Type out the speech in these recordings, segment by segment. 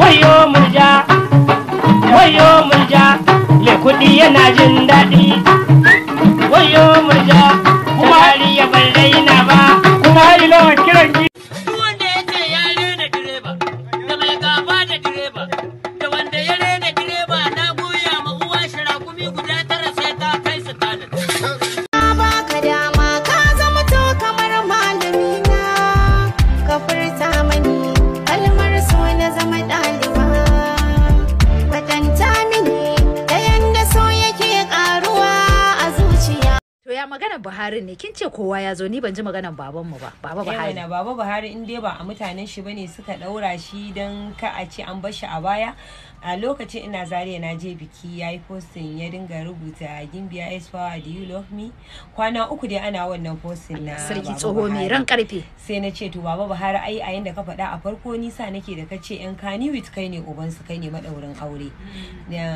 wayo murja wayo murja mai kuɗi yana jin daɗi wayo murja kuma hali ya bar raina ba kuma hali kiran ki wanda ya ce ya rena direba da mai direba da wanda ya rena direba na koya ma uwa shirakumi guda tara sai magana Buhari ne kin ce kowa ya zo ni ban ji maganan baban mu ba baba eh Buhari ne baba Buhari in dai ba a mutanen shi bane suka daura shi dan ka a ce an bar shi a baya a lokacin ina zariya na je biki ya yi postin ya dinga rubuta gimbiya is power do you love me kwana uku dai ana wannan postin na sarki tsoho mai ran karfe sai na ce to baba buhari ai a yanda ka faɗa a farko nisa nake da ka ce yan ni with kai ne uban su kai ne madaurin aure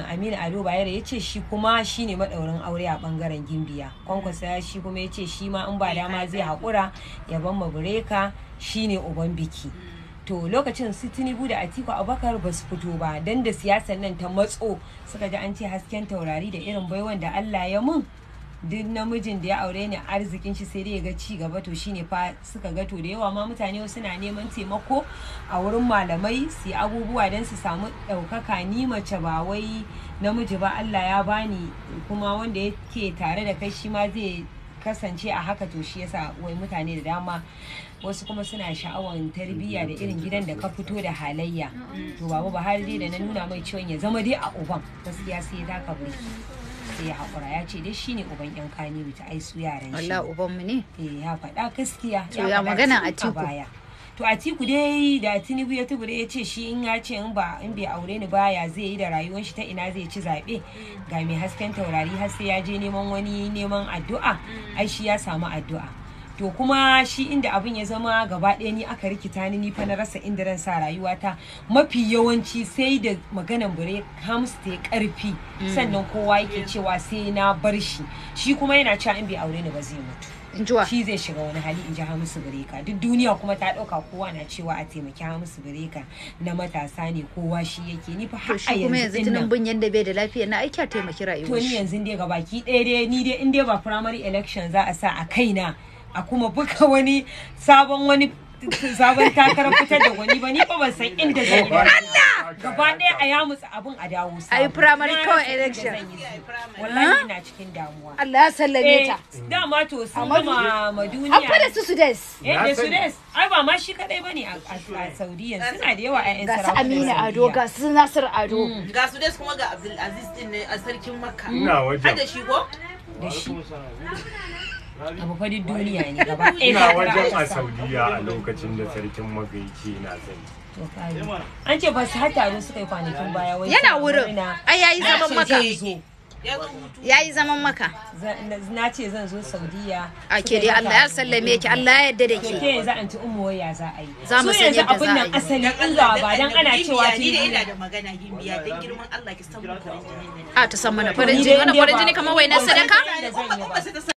aminu ado bayero ya ce shi kuma shine ne madaurin aure a bangaren gimbiya kwankwasa ta shi kuma ya ce shi ma in ba dama zai haƙura ya ban bureka shi ne uban biki mm. to lokacin su tinubu da atiku Abakar ba su fito ba don da siyasar nan ta matso suka ji an ce hasken taurari da irin baiwan da allah ya mun duk namijin da ya aure ni arzikin shi sai dai ga ci gaba to shine fa suka ga to da yawa ma mutane suna neman taimako a wurin malamai su abubuwa don su samu ɗaukaka ni mace ba wai namiji ba Allah ya bani kuma wanda yake tare da kai shi ma zai kasance a haka to shi yasa wai mutane da dama wasu kuma suna sha'awar tarbiyya da irin gidan da ka fito da halayya to babu ba har dai da na nuna mai ciwon ya zama dai a uban gaskiya sai ya taka burki sai ya haƙura ya ce dai shine uban yan kani bita ai su yaran shi Allah uban mu ne eh ya faɗa gaskiya ya magana a tiku baya to a tiku dai da tinubu ya tubu ya ce shi in ya ce in ba in bai aure ni baya zai yi da rayuwar shi ta ina zai ci zaɓe mm. ga mai hasken taurari har sai ya je neman wani neman addu'a mm. ai shi ya samu addu'a to kuma shi inda abin ya zama gaba ɗaya ni aka rikita ni ni fa na rasa inda ran sa rayuwata mafi yawanci sai da maganan bure hams ta karfi mm. sannan kowa yake cewa sai na bar shi shi kuma yana cewa in bai aure ni ba zai mutu shi zai shiga wani hali in ji hamisu bireka duk duniya kuma ta ɗauka kowa na cewa a taimaki hamisu bireka na matasa ne kowa shi yake ni fa har a yanzu tunan bin yanda bai da lafiya na aiki a taimaki rayuwa to ni yanzu dai baki ɗaya dai ni dai in dai ba primary election za a sa a kaina a kuma buka wani sabon wani sabon takarar fitar da wani ba ni ba ban san inda zan yi ba gaba ɗaya a ya musu abin a dawo sa ai primary kawai election wallahi ina cikin damuwa Allah ya sallame eh, ta dama to sun gama duniya an fara su sudes eh da sudes ai ba ma shi kadai bane a Saudiya suna da yawa a yan sarakuna ga Amina Ado ga su Nasir Ado mm. ga sudes kuma ga Abdul Aziz din ne a sarkin Makka ina wajen da shi ko da shi abu fadi duniya ne gaba ina wajen a saudiya a lokacin da sarkin magaici na zai an ce ba su har taro suka yi kwanakin baya wai yana wurin ai yayi zaman maka ya yi zaman maka na ce zan zo saudiya a ke dai allah ya sallame ki allah ya yadda da ke ke yanzu an ci umu ya za a yi za mu san yadda za a yi asali allah ba dan ana cewa ta yi ina da magana gimbiya dan girman allah ki san mu a ta san mana farin jini wannan farin jini kamar wai na sadaka